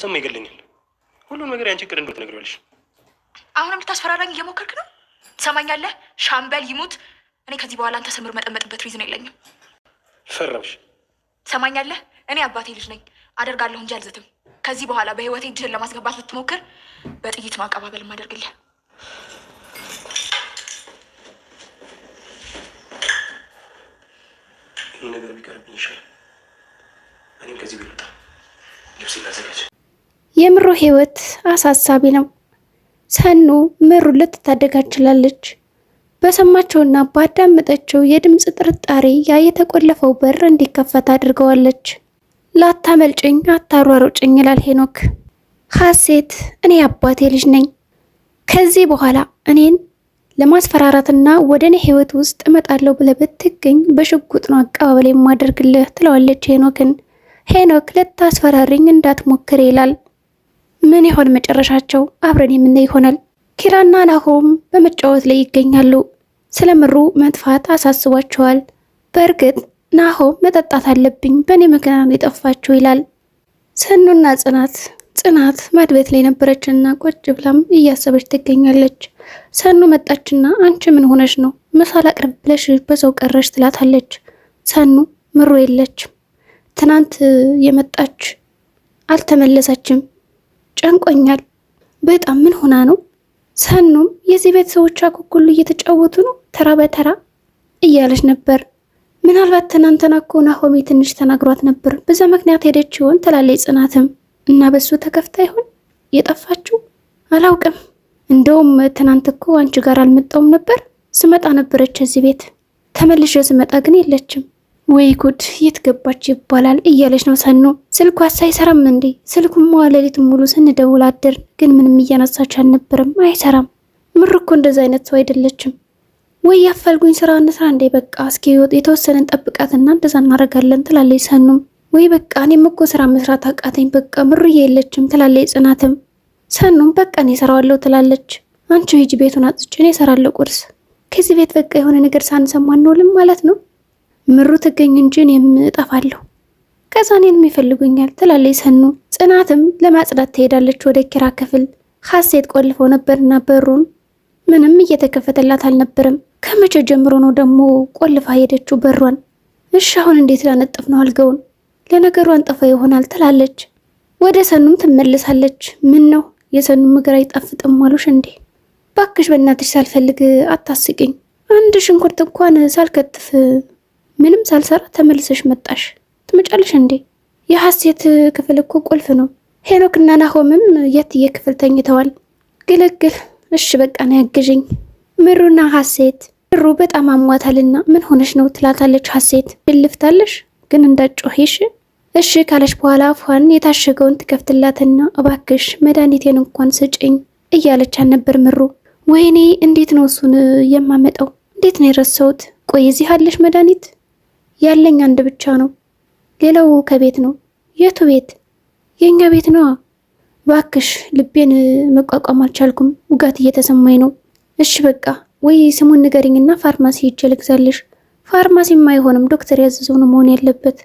ከሰማ ይገለኛል። ሁሉን ነገር ያንቺ እቅድ እንደሆነ ትነግሪዋለሽ። አሁንም ልታስፈራራኝ እየሞከርክ ነው። ትሰማኛለህ? ሻምበል ይሙት፣ እኔ ከዚህ በኋላ አንተ ስምር መጠመጥበት ሪዝን የለኝም። ፈረምሽ? ትሰማኛለህ? እኔ አባቴ ልጅ ነኝ፣ አደርጋለሁ እንጂ አልዘትም። ከዚህ በኋላ በህይወቴ እጅህን ለማስገባት ብትሞክር በጥይት ነው አቀባበል ማደርግልህ። ይህ ነገር ቢቀርብኝ ይሻላል። እኔም ከዚህ ቤት ልብስ እናዘጋጅ። የምሩ ህይወት አሳሳቢ ነው። ሰኑ ምሩ ልትታደጋ በሰማቸውና ባዳመጠችው የድምፅ ጥርጣሬ ያ የተቆለፈው በር እንዲከፈት አድርገዋለች። ላታመልጭኝ አታሯሮጭኝ ይላል ሄኖክ። ሀሴት እኔ አባቴ ልጅ ነኝ። ከዚህ በኋላ እኔን ለማስፈራራትና ወደ እኔ ህይወት ውስጥ እመጣለሁ ብለህ ብትገኝ በሽጉጥ ነው አቀባበል የማደርግልህ ትለዋለች ሄኖክን። ሄኖክ ልታስፈራሪኝ እንዳትሞክር ይላል። ምን ይሆን መጨረሻቸው? አብረን የምናይ ይሆናል። ኪራና ናሆም በመጫወት ላይ ይገኛሉ። ስለ ምሩ መጥፋት አሳስቧቸዋል። በእርግጥ ናሆም መጠጣት አለብኝ በእኔ ምክንያት የጠፋችው ይላል። ሰኑና ጽናት ጽናት ማድቤት ላይ ነበረችና ቆጭ ብላም እያሰበች ትገኛለች። ሰኑ መጣችና አንቺ ምን ሆነች ነው ምሳል አቅርብ ብለሽ በሰው ቀረሽ ትላታለች። ሰኑ ምሩ የለች ትናንት የመጣች አልተመለሰችም ጨንቆኛል በጣም ምን ሆና ነው? ሰኑም የዚህ ቤት ሰዎች አኩኩሉ እየተጫወቱ ነው ተራ በተራ እያለች ነበር። ምናልባት ትናንትና እኮ ናሆሜ ትንሽ ተናግሯት ነበር፣ በዛ ምክንያት ሄደች ይሆን ትላለች ጽናትም። እና በሱ ተከፍታ ይሆን የጠፋችው? አላውቅም። እንደውም ትናንት እኮ አንቺ ጋር አልመጣውም ነበር፣ ስመጣ ነበረች እዚህ ቤት። ተመልሼ ስመጣ ግን የለችም። ወይ ጉድ የት ገባች ይባላል እያለች ነው ሰኑ። ስልኳ አይሰራም እንዴ? ስልኩማ ሌሊቱን ሙሉ ስንደውል አደር ግን ምንም እያነሳች አልነበረም። አይሰራም። ምር እኮ እንደዛ አይነት ሰው አይደለችም። ወይ ያፈልጉኝ ስራ እንስራ እንዴ? በቃ እስኪ የተወሰነን ጠብቃትና እንደዛ እናደርጋለን ትላለች ሰኑም። ወይ በቃ እኔም እኮ ስራ መስራት አቃተኝ፣ በቃ ምሩዬ የለችም ትላለች ጽናትም። ሰኑም በቃ እኔ እሰራዋለሁ ትላለች። አንቺ ሂጂ ቤቱን አጽጭ፣ እኔ እሰራለሁ ቁርስ። ከዚህ ቤት በቃ የሆነ ነገር ሳንሰማ እንውልም ማለት ነው ምሩ ትገኝ እንጂ እኔም እጠፋለሁ፣ ከዛ እኔንም ይፈልጉኛል ትላለች ሰኑ። ጽናትም ለማጽዳት ትሄዳለች ወደ ኪራ ክፍል። ሀሴት ቆልፈው ነበርና በሩን ምንም እየተከፈተላት አልነበረም። ከመቼ ጀምሮ ነው ደግሞ ቆልፋ ሄደችው በሯን? እሺ አሁን እንዴት ላነጥፍ ነው አልገውን? ለነገሩ አንጠፋ ይሆናል ትላለች። ወደ ሰኑም ትመልሳለች። ምን ነው የሰኑም እግር አይጣፍጥም አሉሽ እንዴ? ባክሽ በእናትሽ ሳልፈልግ አታስቂኝ። አንድ ሽንኩርት እንኳን ሳልከትፍ ምንም ሳልሰራ ተመልሰሽ መጣሽ። ትመጫለሽ እንዴ? የሐሴት ክፍል እኮ ቁልፍ ነው። ሄኖክ እና ናሆምም የትዬ ክፍል ተኝተዋል። ግልግል። እሺ በቃ ነው ያግዥኝ። ምሩና ሐሴት ምሩ በጣም አሟታልና ምን ሆነሽ ነው ትላታለች ሐሴት። ልፍታለሽ ግን እንዳጮሄሽ እሺ ካለች በኋላ አፏን የታሸገውን ትከፍትላትና እባክሽ መድኃኒቴን እንኳን ስጭኝ እያለች አልነበር ምሩ። ወይኔ እንዴት ነው እሱን የማመጣው? እንዴት ነው የረሳሁት? ቆይ እዚህ አለሽ መድኃኒት ያለኝ አንድ ብቻ ነው። ሌላው ከቤት ነው። የቱ ቤት? የእኛ ቤት ነዋ። ባክሽ ልቤን መቋቋም አልቻልኩም። ውጋት እየተሰማኝ ነው። እሺ በቃ ወይ ስሙን ንገሪኝና ፋርማሲ ሂጅ ልግዛልሽ። ፋርማሲም አይሆንም፣ ዶክተር ያዘዘው ነው መሆን ያለበት።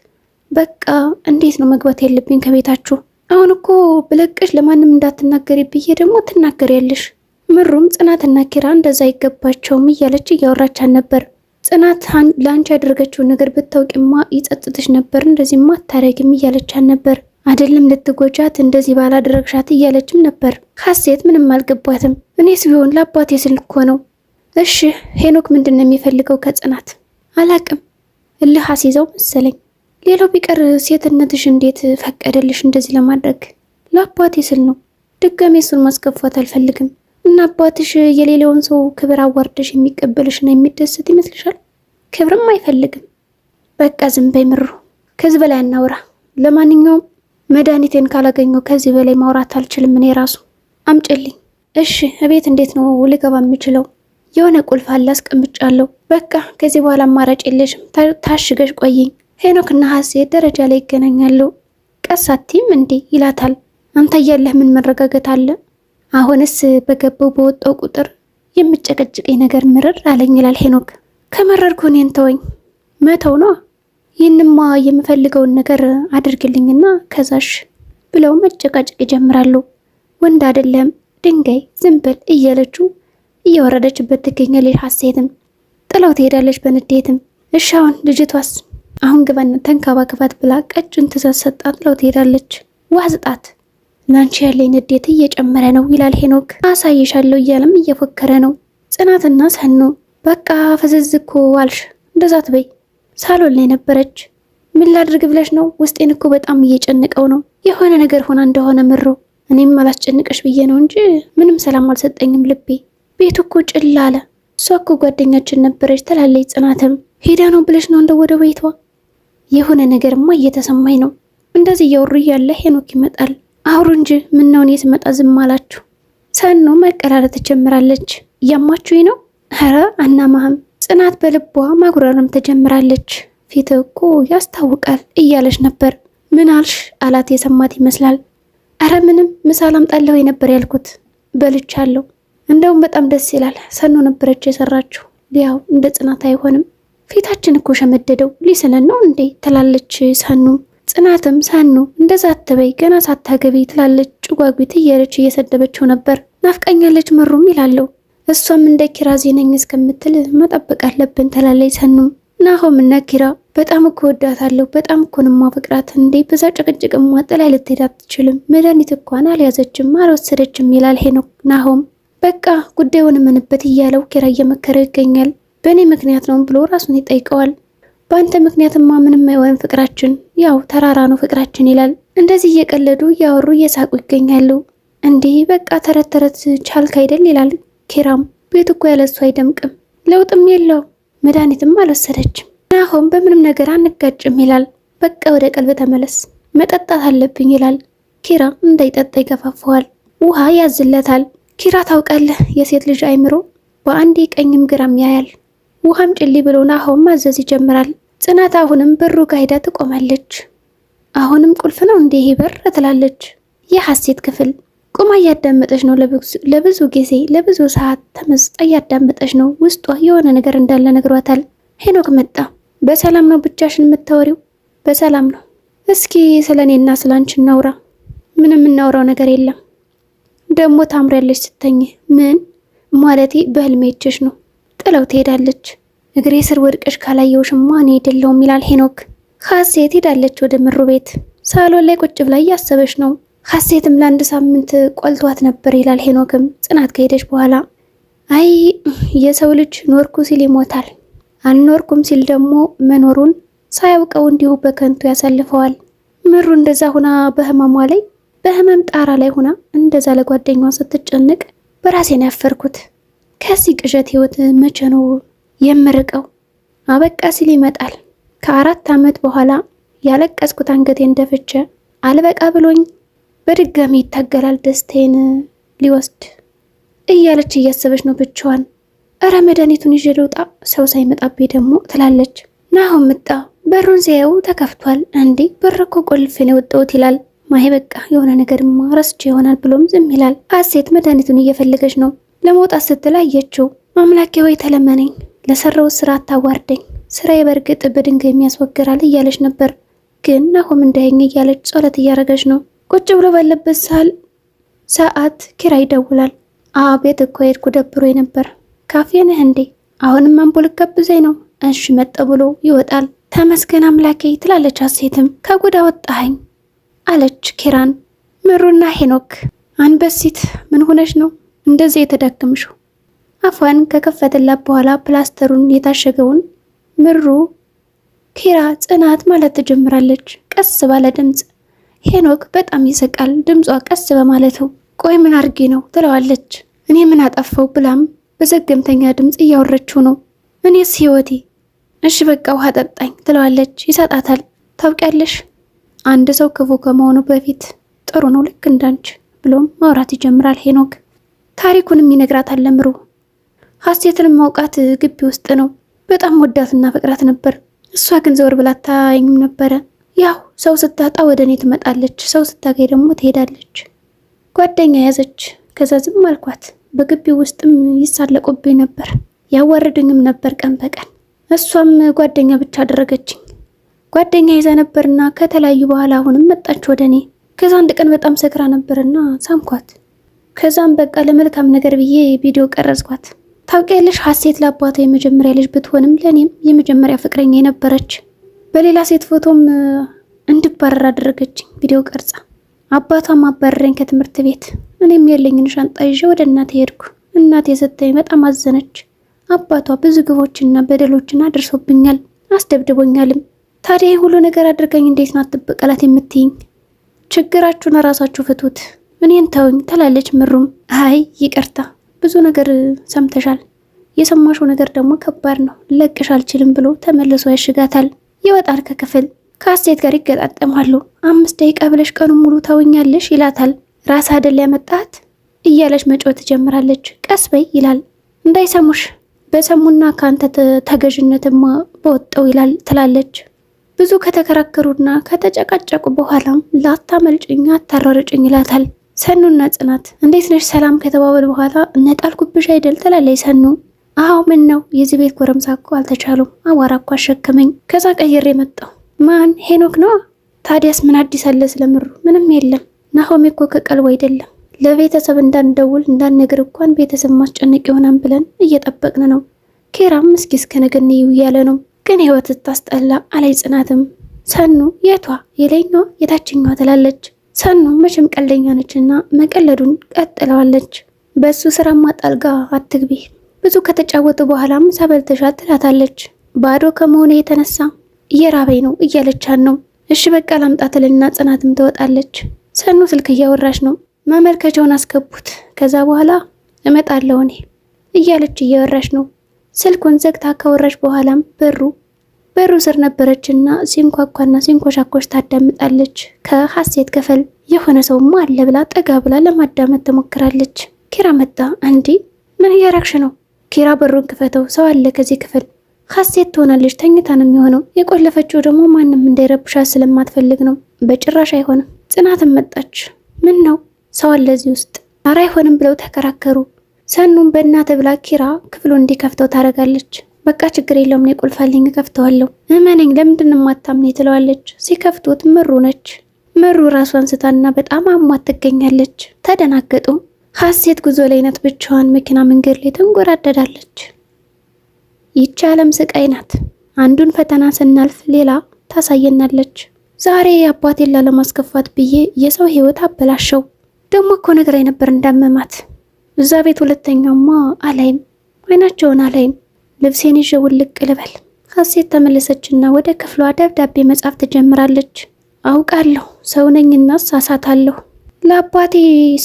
በቃ እንዴት ነው መግባት ያለብኝ ከቤታችሁ? አሁን እኮ ብለቅሽ ለማንም እንዳትናገሪ ብዬ ደግሞ ትናገሪያለሽ። ምሩም ጽናትና ኪራ እንደዛ አይገባቸውም እያለች እያወራቻን ነበር። ጽናት ለአንቺ ያደረገችውን ነገር ብታውቂማ ይጸጥትሽ ነበር፣ እንደዚህ አታረግም እያለቻን ነበር። አይደለም ልትጎጃት እንደዚህ ባላደረግሻት እያለችም ነበር። ሀሴት ምንም አልገባትም። እኔስ ቢሆን ለአባቴ ስል እኮ ነው። እሺ ሄኖክ ምንድን ነው የሚፈልገው ከጽናት? አላቅም። እልህ አስይዘው መሰለኝ። ሌላው ቢቀር ሴትነትሽ እንዴት ፈቀደልሽ እንደዚህ ለማድረግ? ለአባቴ ስል ነው። ድጋሜ እሱን ማስከፋት አልፈልግም። እና አባትሽ የሌላውን ሰው ክብር አዋርደሽ የሚቀበልሽና የሚደሰት ይመስልሻል? ክብርም አይፈልግም። በቃ ዝም በይ ምሩ፣ ከዚህ በላይ አናውራ። ለማንኛውም መድኃኒቴን ካላገኘው ከዚህ በላይ ማውራት አልችልም። እኔ ራሱ አምጭልኝ። እሺ፣ እቤት እንዴት ነው ልገባ የምችለው? የሆነ ቁልፍ አለ አስቀምጫለሁ። በቃ ከዚህ በኋላ አማራጭ የለሽም። ታሽገሽ ቆይኝ። ሄኖክና ሀሴት ደረጃ ላይ ይገናኛሉ። ቀሳቲም እንዴ ይላታል። አንተ እያለህ ምን መረጋገት አለ? አሁንስ በገባው በወጣው ቁጥር የምጨቀጭቀኝ ነገር ምርር አለኝ ይላል ሄኖክ። ከመረርኩ እኔን ተወኝ መተው ነው ይህንማ የምፈልገውን ነገር አድርግልኝና ከዛሽ ብለው መጨቃጨቅ ይጀምራሉ። ወንድ አይደለም ድንጋይ ዝንበል በል እያለችው እየወረደችበት ትገኛለች። ሀሴትም ጥላው ትሄዳለች በንዴትም። እሻውን ልጅቷስ አሁን ግባና ተንከባከባት ብላ ቀጭን ትእዛዝ ሰጣ ጥላው ትሄዳለች። ዋህ ስጣት ላንቺ ያለኝ ንዴት እየጨመረ ነው ይላል ሄኖክ። አሳይሻለሁ እያለም እየፎከረ ነው። ጽናትና ሰኑ በቃ ፈዘዝ እኮ አልሽ፣ እንደዛ ትበይ። ሳሎን ላይ ነበረች። ምን ላድርግ ብለሽ ነው? ውስጤን እኮ በጣም እየጨነቀው ነው። የሆነ ነገር ሆና እንደሆነ ምሮ፣ እኔም አላስጨንቀሽ ብዬ ነው እንጂ ምንም ሰላም አልሰጠኝም ልቤ። ቤቱ እኮ ጭል አለ። እሷ እኮ ጓደኛችን ነበረች ትላለች ጽናትም። ሄዳ ነው ብለሽ ነው እንደው ወደ ቤቷ? የሆነ ነገርማ እየተሰማኝ ነው። እንደዚህ እያወሩ እያለ ሄኖክ ይመጣል። አውሩ እንጂ ምነው እኔ ስመጣ ዝም አላችሁ? ሰኑ መቀራረ ትጀምራለች። እያማችሁኝ ነው? ኧረ አናማህም። ጽናት በልቧ ማጉረርም ትጀምራለች። ፊት እኮ ያስታውቃል እያለች ነበር። ምን አልሽ አላት። የሰማት ይመስላል። ኧረ ምንም ምሳ ላምጣልህ ነበር ያልኩት በልቻለሁ። እንደውም በጣም ደስ ይላል። ሰኑ ነበረች የሰራችሁ። ያው እንደ ጽናት አይሆንም። ፊታችን እኮ ሸመደደው። ሊስለን ነው እንዴ ትላለች ሰኑ ጽናትም ሳኑ እንደዛ አትበይ ገና ሳታገቢ ትላለች። ጭጓጉት እየረች እየሰደበችው ነበር። ናፍቀኛለች ምሩም ይላለው። እሷም እንደ ኪራ ዜነኝ እስከምትል መጠበቅ አለብን ትላለች። ሰኑም ናሆም እና ኪራ በጣም እኮ ወዳታለሁ፣ በጣም እኮ ነው የማፈቅራት። እንዴ በዛ ጭቅጭቅም ጥላ ልትሄድ አትችልም። መድኃኒት እንኳን አልያዘችም አልወሰደችም ይላል ሄኖክ። ናሆም በቃ ጉዳዩን ምንበት እያለው ኪራ እየመከረው ይገኛል። በእኔ ምክንያት ነው ብሎ ራሱን ይጠይቀዋል። በአንተ ምክንያትማ ምንም አይሆን ፍቅራችን፣ ያው ተራራ ነው ፍቅራችን ይላል። እንደዚህ እየቀለዱ እያወሩ እየሳቁ ይገኛሉ። እንዲህ በቃ ተረት ተረት ቻልክ አይደል ይላል ኪራም። ቤት እኮ ያለሱ አይደምቅም፣ ለውጥም የለው፣ መድኃኒትም አልወሰደችም። ናሆም በምንም ነገር አንጋጭም ይላል። በቃ ወደ ቀልብ ተመለስ፣ መጠጣት አለብኝ ይላል። ኪራም እንዳይጠጣ ይገፋፈዋል፣ ውሃ ያዝለታል። ኪራ ታውቃለህ፣ የሴት ልጅ አይምሮ በአንዴ ቀኝም ግራም ያያል። ውሃም ጭሊ ብሎ ናሆም ማዘዝ ይጀምራል። ጽናት አሁንም በሩ ጋ ሄዳ ትቆማለች። አሁንም ቁልፍ ነው እንዲህ ይሄ በር ትላለች። የሐሴት ክፍል ቁማ እያዳመጠች ነው። ለብዙ ጊዜ ለብዙ ሰዓት ተመስጣ እያዳመጠች ነው። ውስጧ የሆነ ነገር እንዳለ ነግሯታል። ሄኖክ መጣ። በሰላም ነው ብቻሽን የምታወሪው? በሰላም ነው። እስኪ ስለ እኔና ስለ አንቺ እናውራ። ምንም እናውራው ነገር የለም። ደግሞ ታምሪያለች ስትተኝ። ምን ማለቴ? በህልሜ ይችሽ ነው ጥለው ትሄዳለች። እግሬ ስር ወድቀሽ ካላየውሽማ እኔ አይደለሁም ይላል ሄኖክ። ሀሴት ሄዳለች ወደ ምሩ ቤት። ሳሎን ላይ ቁጭ ብላ እያሰበች ነው። ሀሴትም ለአንድ ሳምንት ቆልቷት ነበር ይላል ሄኖክም ጽናት ከሄደች በኋላ አይ የሰው ልጅ ኖርኩ ሲል ይሞታል፣ አልኖርኩም ሲል ደግሞ መኖሩን ሳያውቀው እንዲሁ በከንቱ ያሳልፈዋል። ምሩ እንደዛ ሁና በህመሟ ላይ በህመም ጣራ ላይ ሁና እንደዛ ለጓደኛዋ ስትጨንቅ በራሴን ያፈርኩት ከዚህ ቅዠት ህይወት መቼ ነው የምርቀው? አበቃ ሲል ይመጣል። ከአራት ዓመት በኋላ ያለቀስኩት አንገቴን ደፍቼ አልበቃ ብሎኝ በድጋሚ ይታገላል ደስቴን ሊወስድ እያለች እያሰበች ነው ብቻዋን። እረ መድኃኒቱን ይዤ ልውጣ ሰው ሳይመጣብኝ ደግሞ ትላለች። ናሆም መጣ። በሩን ሲያየው ተከፍቷል። እንዴ በር እኮ ቆልፌ ነው የወጣሁት ይላል። ማይ በቃ የሆነ ነገርማ ረስቼ ይሆናል ብሎም ዝም ይላል። ሀሴት መድኃኒቱን እየፈለገች ነው። ለመውጣት ስትል አየችው። አምላኬ ወይ ተለመነኝ፣ ለሰራው ስራ አታዋርደኝ፣ ስራዬ በእርግጥ በድንጋይ የሚያስወግራል እያለች ነበር። ግን አሁም እንዳይኝ እያለች ጸሎት እያደረገች ነው። ቁጭ ብሎ ባለበት ሳል ሰዓት ኪራ ይደውላል። አቤት እኮ ሄድኩ ኩደብሮ ነበር። ካፌ ነህ እንዴ? አሁንም አምቦል ጋብዘኝ ነው። እሺ መጠ ብሎ ይወጣል። ተመስገን አምላኬ ትላለች አሴትም። ከጉዳ ወጣኸኝ አለች ኪራን። ምሩና ሄኖክ አንበሲት ምን ሆነች ነው እንደዚህ የተዳከምሽው? አፏን ከከፈተላት በኋላ ፕላስተሩን የታሸገውን ምሩ ኪራ ጽናት ማለት ትጀምራለች ቀስ ባለ ድምፅ። ሄኖክ በጣም ይስቃል ድምጿ ቀስ በማለቱ። ቆይ ምን አድርጌ ነው ትለዋለች። እኔ ምን አጠፋው ብላም በዘገምተኛ ድምፅ እያወረችው ነው። እኔስ ህይወቴ። እሺ በቃ ውሃ ጠጣኝ ትለዋለች። ይሰጣታል። ታውቂያለሽ አንድ ሰው ክፉ ከመሆኑ በፊት ጥሩ ነው ልክ እንዳንች ብሎም ማውራት ይጀምራል ሄኖክ ታሪኩንም ይነግራታል ለምሩ። ሀሴትንም ማውቃት ግቢ ውስጥ ነው። በጣም ወዳትና ፍቅራት ነበር። እሷ ግን ዘወር ብላ አታየኝም ነበረ። ያው ሰው ስታጣ ወደ እኔ ትመጣለች፣ ሰው ስታገኝ ደግሞ ትሄዳለች። ጓደኛ ያዘች። ከዛ ዝም አልኳት። በግቢ ውስጥም ይሳለቁብኝ ነበር፣ ያዋርድኝም ነበር ቀን በቀን። እሷም ጓደኛ ብቻ አደረገችኝ። ጓደኛ ይዛ ነበርና ከተለያዩ በኋላ አሁንም መጣች ወደ እኔ። ከዛ አንድ ቀን በጣም ሰክራ ነበርና ሳምኳት። ከዛም በቃ ለመልካም ነገር ብዬ ቪዲዮ ቀረጽኳት። ታውቂያለሽ ሀሴት ለአባቷ የመጀመሪያ ልጅ ብትሆንም ለእኔም የመጀመሪያ ፍቅረኛ የነበረች። በሌላ ሴት ፎቶም እንድባረር አደረገችኝ ቪዲዮ ቀርጻ። አባቷም አባረረኝ ከትምህርት ቤት። እኔም የለኝን ሻንጣ ይዤ ወደ እናቴ ሄድኩ። እናቴ ስትኝ በጣም አዘነች። አባቷ ብዙ ግፎችና በደሎችን አድርሶብኛል፣ አስደብድቦኛልም። ታዲያ ሁሉ ነገር አድርገኝ እንዴት ናት ትበቀላት የምትይኝ? ችግራችሁን ራሳችሁ ፍቱት። እኔን ተውኝ ትላለች ምሩም። አይ ይቅርታ ብዙ ነገር ሰምተሻል፣ የሰማሽው ነገር ደግሞ ከባድ ነው፣ ለቅሽ አልችልም ብሎ ተመልሶ ያሽጋታል። ይወጣል ከክፍል ከአስቴት ጋር ይገጣጠማሉ። አምስት ደቂቃ ብለሽ ቀኑ ሙሉ ታውኛለሽ ይላታል። ራስ አደል ያመጣት እያለች መጮህ ትጀምራለች። ቀስ በይ ይላል። እንዳይሰሙሽ በሰሙና ከአንተ ተገዥነትማ በወጣው ይላል ትላለች። ብዙ ከተከራከሩና ከተጨቃጨቁ በኋላም ላታመልጭኝ አታራርጭኝ ይላታል። ሰኑና ጽናት እንዴት ነሽ ሰላም ከተባበል በኋላ እነጣልኩብሽ አይደል ትላለች ሰኑ። አዎ ምን ነው የዚህ ቤት ጎረምሳ እኮ አልተቻሉም፣ አቧራ እኮ አሸከመኝ፣ ከዛ ቀይሬ መጣሁ። ማን ሄኖክ ነዋ። ታዲያስ ምን አዲስ አለ ስለምሩ? ምንም የለም። ናሆሜ እኮ ከቀልቦ አይደለም ለቤተሰብ እንዳንደውል እንዳንነግር እንኳን ቤተሰብ ማስጨነቅ ይሆናል ብለን እየጠበቅን ነው። ኬራም እስኪ እስከ ነገ እንየው እያለ ነው። ግን ህይወት ታስጠላ አላይ ጽናትም ሰኑ የቷ የላይኛዋ የታችኛዋ ትላለች። ሰኑ መቼም ቀልደኛ እና መቀለዱን ቀጥለዋለች። በእሱ ስራ ማጣልጋ አትግቢ፣ ብዙ ከተጫወቱ በኋላም ሳበልተሻል ትላታለች። ባዶ ከመሆኑ የተነሳ እየራበኝ ነው እያለቻን ነው። እሺ በቃ ላምጣትልና ጽናትም ትወጣለች። ሰኑ ስልክ እያወራች ነው። መመልከቻውን አስገቡት፣ ከዛ በኋላ እመጣለሁ እኔ እያለች እያወራች ነው። ስልኩን ዘግታ ካወራች በኋላም በሩ በሩ ስር ነበረችና ሲንኳኳና ሲንኮሻኮሽ ታዳምጣለች። ከሀሴት ክፍል የሆነ ሰውማ አለ ብላ ጠጋ ብላ ለማዳመጥ ትሞክራለች። ኪራ መጣ። እንዲ ምን እያረግሽ ነው? ኪራ በሩን ክፈተው፣ ሰው አለ ከዚህ ክፍል። ሀሴት ትሆናለች ተኝታ ነው የሚሆነው። የቆለፈችው ደግሞ ማንም እንዳይረብሻት ስለማትፈልግ ነው። በጭራሽ አይሆንም። ጽናትም መጣች። ምን ነው ሰው አለ እዚህ ውስጥ? ኧረ አይሆንም ብለው ተከራከሩ። ሰኑን በእናተ ብላ ኪራ ክፍሉን እንዲከፍተው ታደርጋለች። በቃ ችግር የለውም እኔ ቁልፈልኝ እከፍተዋለሁ፣ እመነኝ ለምንድን የማታምነኝ ትለዋለች። ሲከፍቱት ምሩ ነች። ምሩ ራሷን አንስታና በጣም አሟት ትገኛለች። ተደናገጡ። ሀሴት ጉዞ ላይ ናት። ብቻዋን መኪና መንገድ ላይ ትንጎራደዳለች። ይቺ ዓለም ስቃይ ናት። አንዱን ፈተና ስናልፍ ሌላ ታሳየናለች። ዛሬ አባቴን ላለማስከፋት ብዬ የሰው ህይወት አበላሸው። ደግሞ እኮ ነገር ነበር እንዳመማት። እዛ ቤት ሁለተኛማ አላይም፣ አይናቸውን አላይም ልብሴን ይዤ ውልቅ ልበል። ሀሴት ተመለሰችና ወደ ክፍሏ ደብዳቤ መጻፍ ትጀምራለች። አውቃለሁ ሰው ነኝና ሳሳታለሁ። ለአባቴ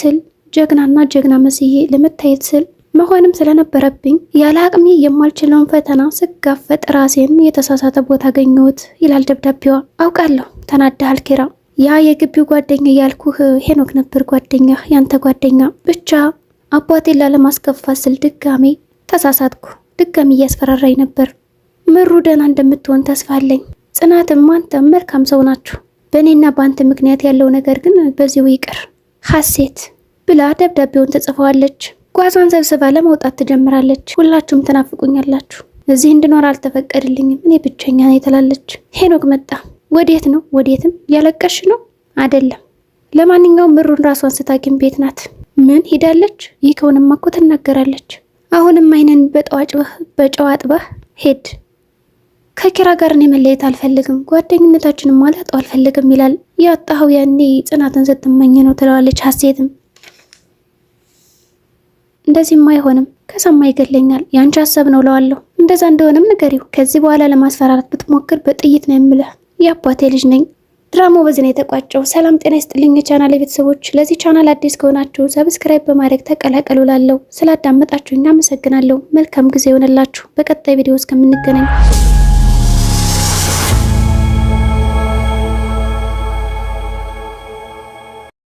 ስል ጀግናና ጀግና መስዬ ለመታየት ስል መሆንም ስለነበረብኝ ያለ አቅሜ የማልችለውን ፈተና ስጋፈጥ ራሴን የተሳሳተ ቦታ አገኘሁት ይላል ደብዳቤዋ። አውቃለሁ ተናዳሃል ኪራ። ያ የግቢው ጓደኛ ያልኩህ ሄኖክ ነበር ጓደኛ፣ ያንተ ጓደኛ። ብቻ አባቴን ላለማስከፋት ስል ድጋሜ ተሳሳትኩ። ድጋሚ እያስፈራራኝ ነበር። ምሩ ደህና እንደምትሆን ተስፋ አለኝ። ጽናትም አንተም መልካም ሰው ናችሁ። በእኔና በአንተ ምክንያት ያለው ነገር ግን በዚሁ ይቅር ሀሴት ብላ ደብዳቤውን ተጽፈዋለች። ጓዟን ሰብስባ ለመውጣት ትጀምራለች። ሁላችሁም ትናፍቁኛላችሁ፣ እዚህ እንድኖር አልተፈቀድልኝም፣ እኔ ብቸኛ ነኝ ትላለች። ሄኖክ መጣ። ወዴት ነው? ወዴትም እያለቀሽ ነው አይደለም? ለማንኛውም ምሩን ራሷን ስታግኝ ቤት ናት። ምን ሄዳለች? ይህ ከሆነማ እኮ ትናገራለች። አሁንም አይነን በጠዋጭበህ በጨዋጥበህ ሄድ። ከኪራ ጋር እኔ መለየት አልፈልግም፣ ጓደኝነታችንን ማላጣው አልፈልግም ይላል። ያጣኸው ያኔ ጽናትን ስትመኝ ነው ትለዋለች ሀሴትም። እንደዚህም አይሆንም ከሰማ ይገለኛል፣ የአንቺ ሀሳብ ነው እለዋለሁ። እንደዛ እንደሆነም ንገሪው። ከዚህ በኋላ ለማስፈራራት ብትሞክር በጥይት ነው የምልህ። የአባቴ ልጅ ነኝ ድራማው በዚህ ነው የተቋጨው። ሰላም ጤና ይስጥልኝ የቻናል ቤተሰቦች፣ ለዚህ ቻናል አዲስ ከሆናችሁ ሰብስክራይብ በማድረግ ተቀላቀሉ። ላለው ስላዳመጣችሁኝ አመሰግናለሁ። መልካም ጊዜ ይሆንላችሁ። በቀጣይ ቪዲዮ እስከምንገናኝ